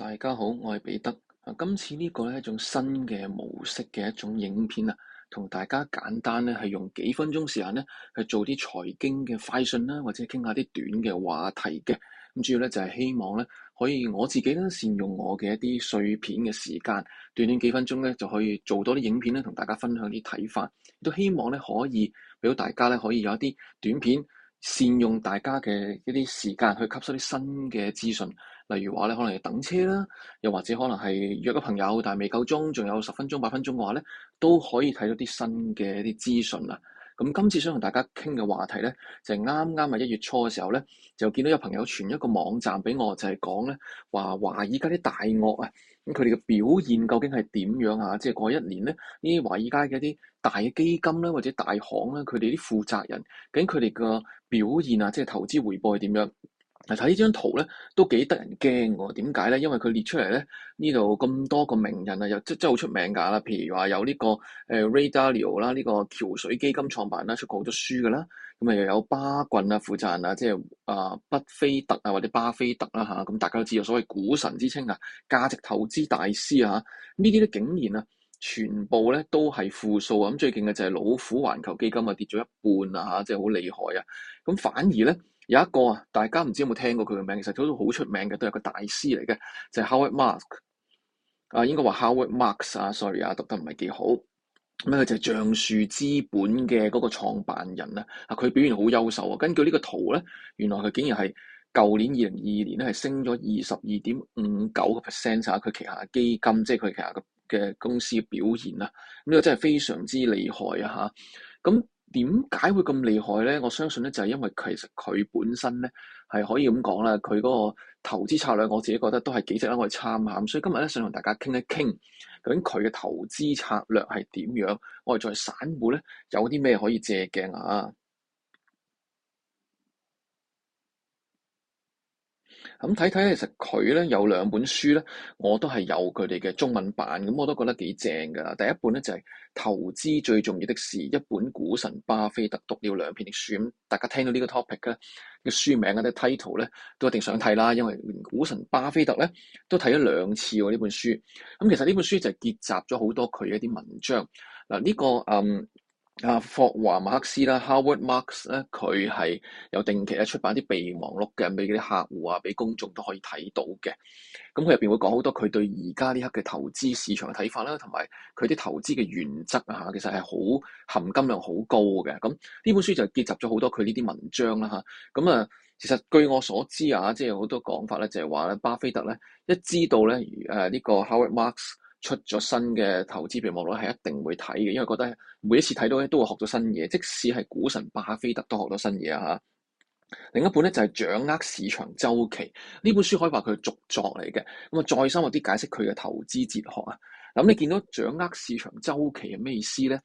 大家好，我係彼得。今次呢個係一種新嘅模式嘅一種影片啊，同大家簡單咧係用幾分鐘時間咧去做啲財經嘅快訊啦，或者傾下啲短嘅話題嘅。咁、啊、主要呢就係、是、希望呢，可以我自己咧善用我嘅一啲碎片嘅時間，短短幾分鐘呢，就可以做多啲影片呢，同大家分享啲睇法，亦都希望呢，可以俾到大家呢，可以有一啲短片。善用大家嘅一啲時間去吸收啲新嘅資訊，例如話咧，可能要等車啦，又或者可能係約咗朋友，但係未夠鐘，仲有十分鐘、八分鐘嘅話咧，都可以睇到啲新嘅一啲資訊啦。咁今次想同大家傾嘅話題咧，就係啱啱喺一月初嘅時候咧，就見到有朋友傳一個網站俾我，就係、是、講咧話華爾街啲大鱷啊，咁佢哋嘅表現究竟係點樣啊？即係過一年咧，呢啲華爾街嘅一啲大基金咧，或者大行咧，佢哋啲負責人，究竟佢哋嘅表現啊，即係投資回報係點樣？睇呢張圖咧，都幾得人驚喎？點解咧？因為佢列出嚟咧，呢度咁多個名人啊，又即係即係好出名㗎啦。譬如話有呢、這個誒、呃、Ray Dalio 啦，呢、這個橋水基金創辦啦，出過好多書㗎啦。咁、嗯、啊又有巴郡啊負責人啊，即係啊，畢菲特啊或者巴菲特啦嚇。咁、啊嗯、大家都知道所謂股神之稱啊，價值投資大師啊嚇。呢啲咧竟然啊，全部咧都係負數啊。咁最勁嘅就係老虎環球基金啊，跌咗一半啊嚇，即係好厲害啊。咁、啊、反而咧～有一個啊，大家唔知有冇聽過佢嘅名，其實都好出名嘅，都係個大師嚟嘅，就係、是、Howard Marks 啊，應該話 Howard Marks 啊，sorry 啊，讀得唔係幾好。咁啊就係橡樹資本嘅嗰個創辦人啊，啊佢表現好優秀啊。根據呢個圖咧，原來佢竟然係舊年二零二二年咧係升咗二十二點五九個 percent 啊，佢旗下基金，即係佢旗下嘅公司嘅表現啦。呢、呢個真係非常之厲害啊！嚇，咁。點解會咁厲害咧？我相信咧就係因為其實佢本身咧係可以咁講啦，佢嗰個投資策略我自己覺得都係幾值得我哋參考。咁所以今日咧想同大家傾一傾究竟佢嘅投資策略係點樣，我哋再散戶咧有啲咩可以借鏡啊？咁睇睇咧，其實佢咧有兩本書咧，我都係有佢哋嘅中文版，咁、嗯、我都覺得幾正㗎啦。第一本咧就係、是《投資最重要的事》，一本股神巴菲特讀了兩遍嘅書。咁、嗯、大家聽到呢個 topic 咧嘅書名咧、title 咧，都一定想睇啦，因為連股神巴菲特咧都睇咗兩次喎呢本書。咁、嗯、其實呢本書就係結集咗好多佢一啲文章嗱呢個嗯。這個嗯啊，霍華馬克斯啦，Howard Marks 咧，佢係有定期咧出版啲備忘錄嘅，俾啲客戶啊，俾公眾都可以睇到嘅。咁佢入邊會講好多佢對而家呢刻嘅投資市場嘅睇法啦，同埋佢啲投資嘅原則啊，嚇，其實係好含金量好高嘅。咁呢本書就結集咗好多佢呢啲文章啦，嚇。咁啊，其實據我所知啊，即係好多講法咧，就係話咧，巴菲特咧一知道咧，誒、啊、呢、呢個 Howard Marks。出咗新嘅投資備忘錄係一定會睇嘅，因為覺得每一次睇到咧都會學到新嘢，即使係股神巴菲特都學到新嘢啊！吓，另一本咧就係《掌握市場周期》，呢本書可以話佢係續作嚟嘅，咁啊再深入啲解釋佢嘅投資哲學啊。咁你見到掌握市場周期係咩意思咧？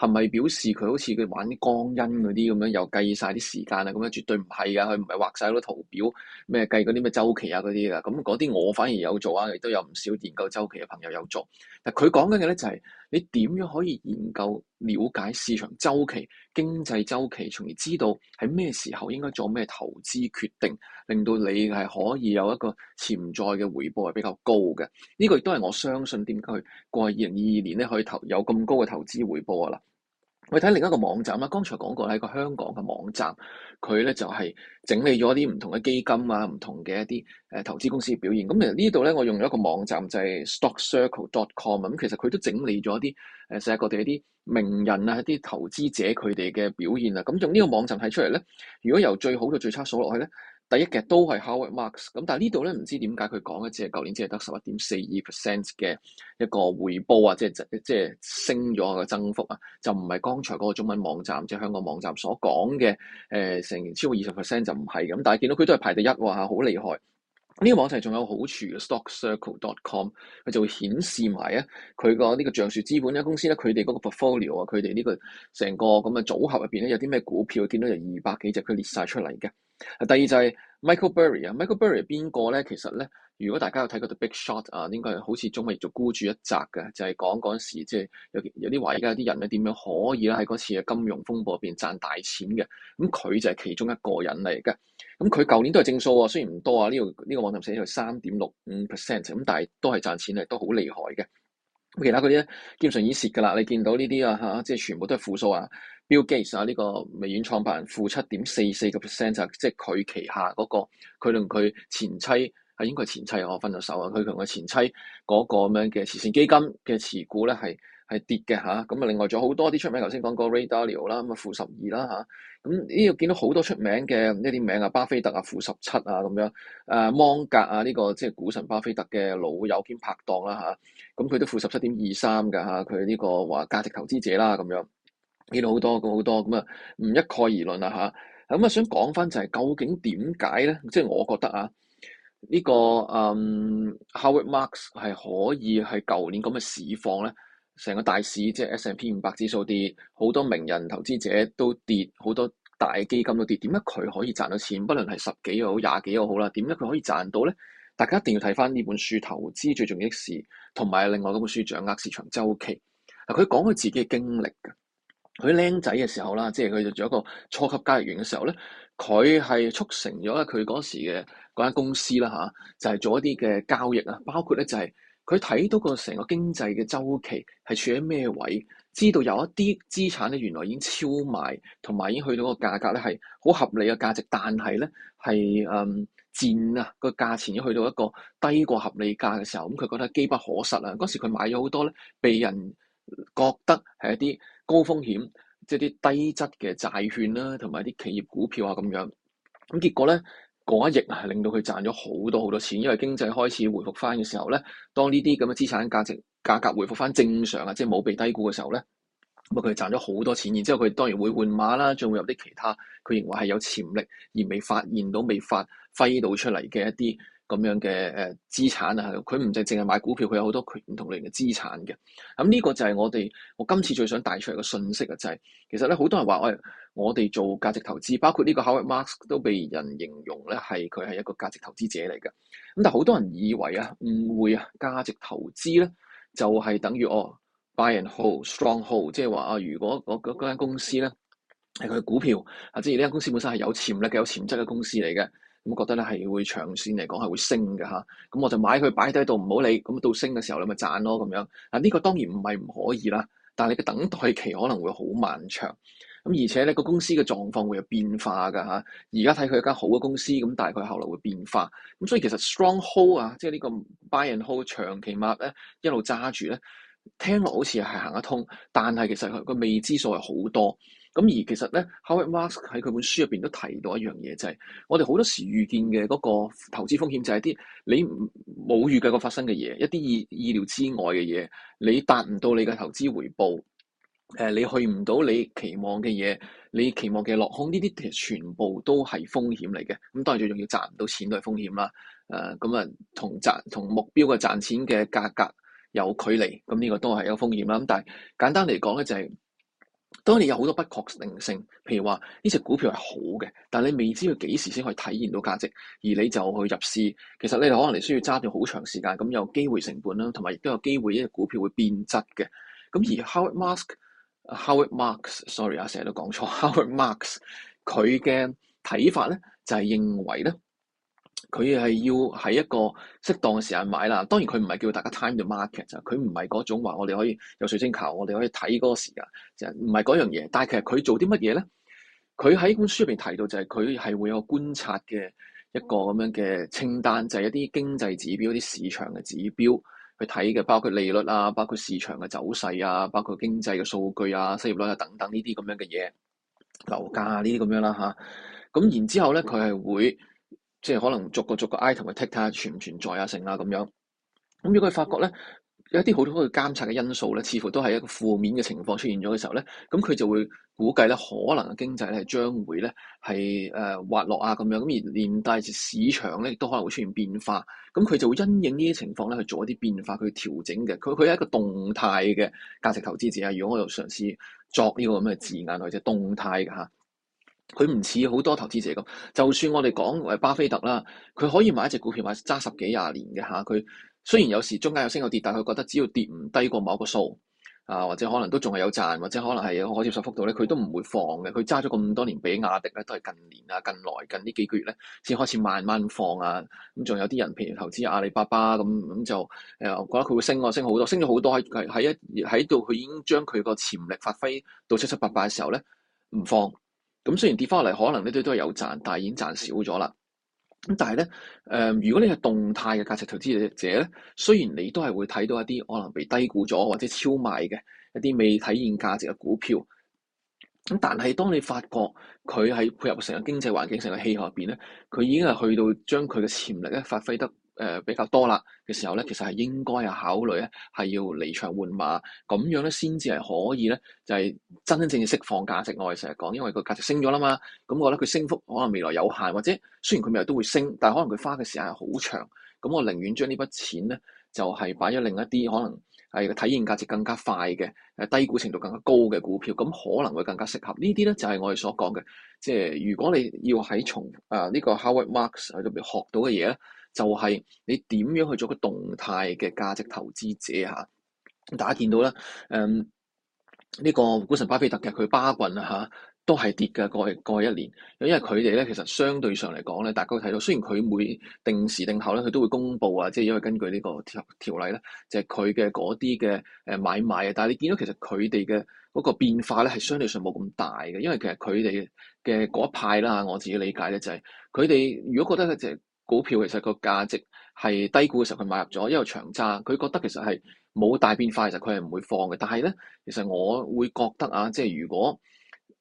係咪表示佢好似佢玩啲江恩嗰啲咁樣，又計晒啲時間啊？咁樣絕對唔係㗎，佢唔係畫晒好多圖表咩計嗰啲咩周期啊嗰啲㗎。咁嗰啲我反而有做啊，亦都有唔少研究周期嘅朋友有做。但佢講緊嘅咧就係、是、你點樣可以研究了解市場周期、經濟周期，從而知道喺咩時候應該做咩投資決定，令到你係可以有一個潛在嘅回報係比較高嘅。呢、這個亦都係我相信點解佢過二零二二年咧可以投有咁高嘅投資回報啊！嗱。我哋睇另一個網站啊，剛才講過係一個香港嘅網站，佢咧就係、是、整理咗啲唔同嘅基金啊，唔同嘅一啲誒投資公司嘅表現。咁、嗯、其實呢度咧，我用咗一個網站就係、是、stockcircle.com。咁、嗯、其實佢都整理咗啲誒世界各地一啲名人啊、一啲投資者佢哋嘅表現啊。咁、嗯、用呢個網站睇出嚟咧，如果由最好到最差數落去咧。第一嘅都係 Howard Marks，咁但係呢度咧唔知點解佢講嘅只係舊年，只係得十一點四二 percent 嘅一個回報啊，即係即係升咗個增幅啊，就唔係剛才嗰個中文網站即係香港網站所講嘅誒成年超過二十 percent 就唔係咁，但係見到佢都係排第一喎吓，好厲害！呢一個網站仲有好處嘅，stockcircle.com 佢就會顯示埋咧佢個呢個橡樹資本咧公司咧佢哋嗰個 portfolio 啊佢哋呢個成個咁嘅組合入邊咧有啲咩股票見到有二百幾隻佢列晒出嚟嘅。第二就係、是。Michael Burry 啊，Michael Burry 邊個咧？其實咧，如果大家有睇嗰套《Big Shot》啊，應該係好似仲未做孤注一擲嘅，就係、是、講嗰陣時，即、就、係、是、有懷疑有啲話，而家有啲人咧點樣可以咧喺嗰次嘅金融風暴入邊賺大錢嘅，咁、嗯、佢就係其中一個人嚟嘅。咁佢舊年都係正數啊，雖然唔多啊，呢、這個呢、這個網站寫咗三點六五 percent，咁但係都係賺錢嘅，都好厲害嘅。其他嗰啲啊，基本上已蝕㗎啦！你見到呢啲啊嚇，即係全部都係負數啊，Bill Gates 啊呢、呢個微軟創辦人負七點四四個 percent 就，即係佢旗下嗰、個，佢同佢前妻。係應該係前妻我分咗手啊！佢同佢前妻嗰個咁樣嘅慈善基金嘅持股咧係係跌嘅吓，咁啊，另外仲有好多啲出名，頭先講個 Ray Dalio 啦，咁啊負十二啦吓，咁呢度見到好多出名嘅呢啲名啊，巴菲特啊，負十七啊咁樣。誒，芒格啊，呢個即係股神巴菲特嘅老友兼拍檔啦吓，咁佢都負十七點二三㗎吓，佢呢個話價值投資者啦咁樣，見到好多好多咁啊，唔一概而論啦吓，咁啊，想講翻就係究竟點解咧？即係我覺得啊。呢、這個嗯，um，Howard Marks 係可以喺舊年咁嘅市況咧，成個大市即係 S&P 五百指數跌，好多名人投資者都跌，好多大基金都跌。點解佢可以賺到錢？不論係十幾又好廿幾又好啦，點解佢可以賺到咧？大家一定要睇翻呢本書《投資最重要嘅事》，同埋另外嗰本書《掌握市場周期》啊。嗱，佢講佢自己嘅經歷㗎。佢僆仔嘅時候啦，即係佢做一個初級交易員嘅時候咧。佢係促成咗佢嗰時嘅嗰間公司啦嚇、啊，就係、是、做一啲嘅交易啊，包括咧就係佢睇到個成個經濟嘅周期係處喺咩位，知道有一啲資產咧原來已經超賣，同埋已經去到個價格咧係好合理嘅價值，但係咧係誒賤啊個價錢已經去到一個低過合理價嘅時候，咁佢覺得機不可失啊！嗰時佢買咗好多咧，被人覺得係一啲高風險。即係啲低質嘅債券啦，同埋啲企業股票啊，咁樣咁結果咧，嗰一役係，令到佢賺咗好多好多錢。因為經濟開始回復翻嘅時候咧，當呢啲咁嘅資產價值價格回復翻正常啊，即係冇被低估嘅時候咧，咁啊佢賺咗好多錢。然之後佢當然會換馬啦，仲會有啲其他佢認為係有潛力而未發現到、未發揮到出嚟嘅一啲。咁樣嘅誒資產啊，佢唔淨淨係買股票，佢有好多唔同類型嘅資產嘅。咁呢個就係我哋我今次最想帶出嚟嘅信息啊，就係、是、其實咧好多人話、哎、我我哋做價值投資，包括呢個 Howard Marks 都被人形容咧係佢係一個價值投資者嚟嘅。咁但係好多人以為啊誤會啊價值投資咧就係、是、等於哦 buy and hold strong hold，即係話啊如果嗰間公司咧係佢嘅股票啊，即係呢間公司本身係有潛力嘅、有潛質嘅公司嚟嘅。咁覺得咧係會長線嚟講係會升嘅吓，咁我就買佢擺低度唔好理，咁到升嘅時候你咪賺咯咁樣。嗱、啊、呢、個當然唔係唔可以啦，但係你嘅等待期可能會好漫長。咁、啊、而且咧個公司嘅狀況會有變化㗎吓。而、啊、家睇佢一間好嘅公司，咁大概後嚟會變化。咁、啊、所以其實 strong hold 啊，即係呢個 buy and hold 長期握咧一路揸住咧，聽落好似係行得通，但係其實佢個未知數係好多。咁而其實咧，Howard Marks 喺佢本書入邊都提到一樣嘢，就係、是、我哋好多時預見嘅嗰個投資風險，就係啲你冇預計過發生嘅嘢，一啲意意料之外嘅嘢，你達唔到你嘅投資回報，誒、呃，你去唔到你期望嘅嘢，你期望嘅落空，呢啲其實全部都係風險嚟嘅。咁當然最重要賺唔到錢都係風險啦。誒、呃，咁啊同賺同目標嘅賺錢嘅價格有距離，咁、嗯、呢、這個都係一個風險啦。咁但係簡單嚟講咧，就係。當你有好多不確定性，譬如話呢隻股票係好嘅，但係你未知要幾時先可以體現到價值，而你就去入市，其實你可能你需要揸住好長時間，咁有機會成本啦，同埋亦都有機會呢隻股票會變質嘅。咁而 Howard Musk, Howard Musk，Howard Marks，sorry 啊，成日都講錯 ，Howard Marks，佢嘅睇法咧就係、是、認為咧。佢係要喺一個適當嘅時間買啦。當然佢唔係叫大家 time the market，就佢唔係嗰種話我哋可以有水晶球，我哋可以睇嗰個時間，就唔係嗰樣嘢。但係其實佢做啲乜嘢咧？佢喺本書入邊提到就係佢係會有觀察嘅一個咁樣嘅清單，就係一啲經濟指標、啲市場嘅指標去睇嘅，包括利率啊、包括市場嘅走勢啊、包括經濟嘅數據啊、失業率啊等等呢啲咁樣嘅嘢，樓價啊呢啲咁樣啦，吓，咁然之後咧，佢係會。即係可能逐個逐個 item 去 check 睇下存唔存在啊，成啊咁樣。咁、嗯、如果佢發覺咧有一啲好多嘅監察嘅因素咧，似乎都係一個負面嘅情況出現咗嘅時候咧，咁、嗯、佢就會估計咧可能經濟咧將會咧係誒滑落啊咁樣。咁而連帶住市場咧亦都可能會出現變化。咁、嗯、佢就會因應呢啲情況咧去做一啲變化，去調整嘅。佢佢係一個動態嘅價值投資者啊！如果我又嘗試作呢個咁嘅字眼，或者動態嘅嚇。佢唔似好多投資者咁，就算我哋講誒巴菲特啦，佢可以買一隻股票買揸十幾廿年嘅吓。佢雖然有時中間有升有跌，但係佢覺得只要跌唔低過某一個數啊，或者可能都仲係有賺，或者可能係可接受幅度咧，佢都唔會放嘅。佢揸咗咁多年，比亞迪咧都係近年啊、近來近呢幾個月咧先開始慢慢放啊。咁仲有啲人譬如投資阿里巴巴咁咁就誒，我、啊、覺得佢會升我升好多，升咗好多喺喺一喺度佢已經將佢個潛力發揮到七七八八嘅時候咧，唔放。咁雖然跌翻落嚟，可能呢啲都係有賺，但係已經賺少咗啦。咁但係咧，誒、呃，如果你係動態嘅價值投資者咧，雖然你都係會睇到一啲可能被低估咗或者超賣嘅一啲未體現價值嘅股票，咁但係當你發覺佢喺配合成個經濟環境、成個氣候入邊咧，佢已經係去到將佢嘅潛力咧發揮得誒、呃、比較多啦嘅時候咧，其實係應該啊考慮咧，係要離場換馬咁樣咧，先至係可以咧，就係、是、真真正正釋放價值。我哋成日講，因為個價值升咗啦嘛，咁我覺得佢升幅可能未來有限，或者雖然佢未來都會升，但係可能佢花嘅時間係好長。咁我寧願將呢筆錢咧，就係擺喺另一啲可能係個體現價值更加快嘅誒低估程度更加高嘅股票，咁可能會更加適合呢啲咧，就係、是、我哋所講嘅，即係如果你要喺從誒呢、呃這個 Howard Marks 喺度邊學到嘅嘢咧。就係你點樣去做一個動態嘅價值投資者嚇、啊？大家見到咧，誒、嗯、呢、呢個股神巴菲特嘅佢巴郡啊嚇，都係跌嘅過，過去一年。因為佢哋咧，其實相對上嚟講咧，大家都睇到，雖然佢每定時定候咧，佢都會公布啊，即係因為根據呢個條條例咧，就係佢嘅嗰啲嘅誒買賣啊。但係你見到其實佢哋嘅嗰個變化咧，係相對上冇咁大嘅，因為其實佢哋嘅嗰一派啦，我自己理解咧，就係佢哋如果覺得咧就係。股票其實個價值係低估嘅時候，佢買入咗，因為長揸，佢覺得其實係冇大變化，其實佢係唔會放嘅。但係咧，其實我會覺得啊，即係如果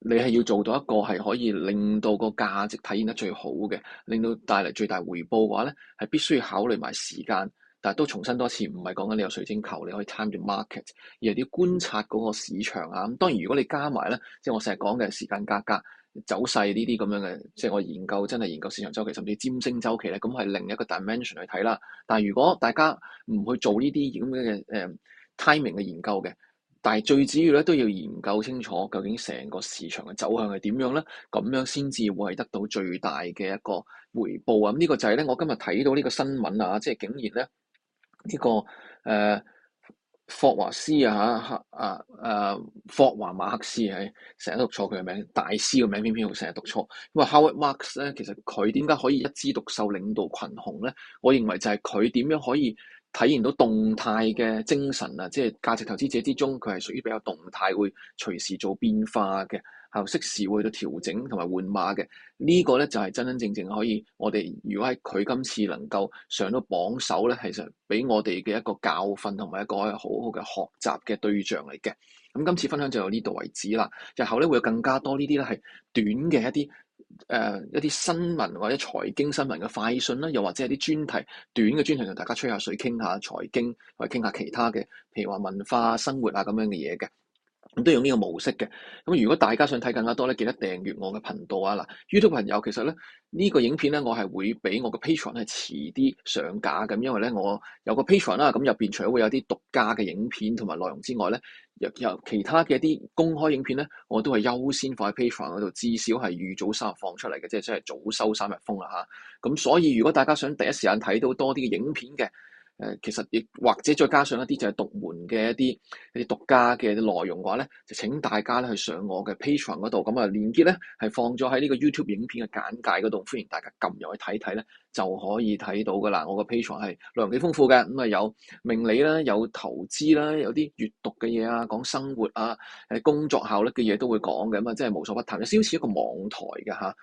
你係要做到一個係可以令到個價值體現得最好嘅，令到帶嚟最大回報嘅話咧，係必須要考慮埋時間。但係都重申多次，唔係講緊你有水晶球你可以 time the market，而係要觀察嗰個市場啊。咁當然如果你加埋咧，即係我成日講嘅時間價格。走勢呢啲咁樣嘅，即係我研究真係研究市場周期，甚至佔星周期咧，咁係另一個 dimension 去睇啦。但係如果大家唔去做呢啲咁嘅、呃、誒 timing 嘅研究嘅，但係最主要咧都要研究清楚究竟成個市場嘅走向係點樣咧，咁樣先至會係得到最大嘅一個回報啊！咁、嗯、呢、這個就係咧，我今日睇到呢個新聞啊，即係竟然咧呢、這個誒。呃霍華斯啊，吓啊誒、啊，霍華馬克思係、啊，成日都讀錯佢嘅名，大師嘅名偏偏會成日讀錯。咁啊，Howard Marks 咧，其實佢點解可以一枝獨秀領導群雄咧？我認為就係佢點樣可以。體現到動態嘅精神啊，即係價值投資者之中，佢係屬於比較動態，會隨時做變化嘅，然後適時會去到調整同埋換馬嘅。這個、呢個咧就係、是、真真正正可以我哋如果喺佢今次能夠上到榜首咧，其實俾我哋嘅一個教訓同埋一個好好嘅學習嘅對象嚟嘅。咁、嗯、今次分享就到呢度為止啦，日後咧會有更加多呢啲咧係短嘅一啲。誒、呃，一啲新聞或者財經新聞嘅快訊啦，又或者係啲專題短嘅專題同大家吹下水，傾下財經，或者傾下其他嘅，譬如話文化生活啊咁樣嘅嘢嘅。咁都用呢個模式嘅。咁如果大家想睇更加多咧，記得訂閱我嘅頻道啊！嗱，YouTube 朋友其實咧呢、呢個影片咧，我係會俾我嘅 Patreon 係遲啲上架咁，因為咧我有個 Patreon 啦、啊，咁入邊除咗會有啲獨家嘅影片同埋內容之外咧，又有其他嘅一啲公開影片咧，我都係優先放喺 Patreon 嗰度，至少係預早三日放出嚟嘅，即係真係早收三日風啦嚇。咁、啊、所以如果大家想第一時間睇到多啲嘅影片嘅，誒、呃，其實亦或者再加上一啲就係獨門嘅一啲，一啲獨家嘅內容嘅話咧，就請大家咧去上我嘅 Patreon 嗰度，咁、嗯、啊，連結咧係放咗喺呢個 YouTube 影片嘅簡介嗰度，歡迎大家撳入去睇睇咧，就可以睇到噶啦。我個 Patreon 係內容幾豐富嘅，咁、嗯、啊有命理啦，有投資啦，有啲閱讀嘅嘢啊，講生活啊，誒工作效率嘅嘢都會講嘅，咁啊即係無所不談，就好似一個網台㗎嚇。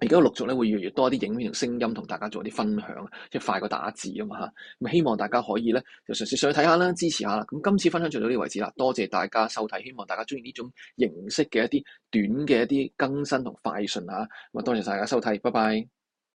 而家陸續咧會越嚟越多啲影片同聲音，同大家做啲分享，即係快過打字啊嘛嚇。咁希望大家可以咧，就嘗試上去睇下啦，支持下啦。咁今次分享就到呢個位置啦，多謝大家收睇，希望大家中意呢種形式嘅一啲短嘅一啲更新同快訊嚇。咁啊，多謝大家收睇，拜拜。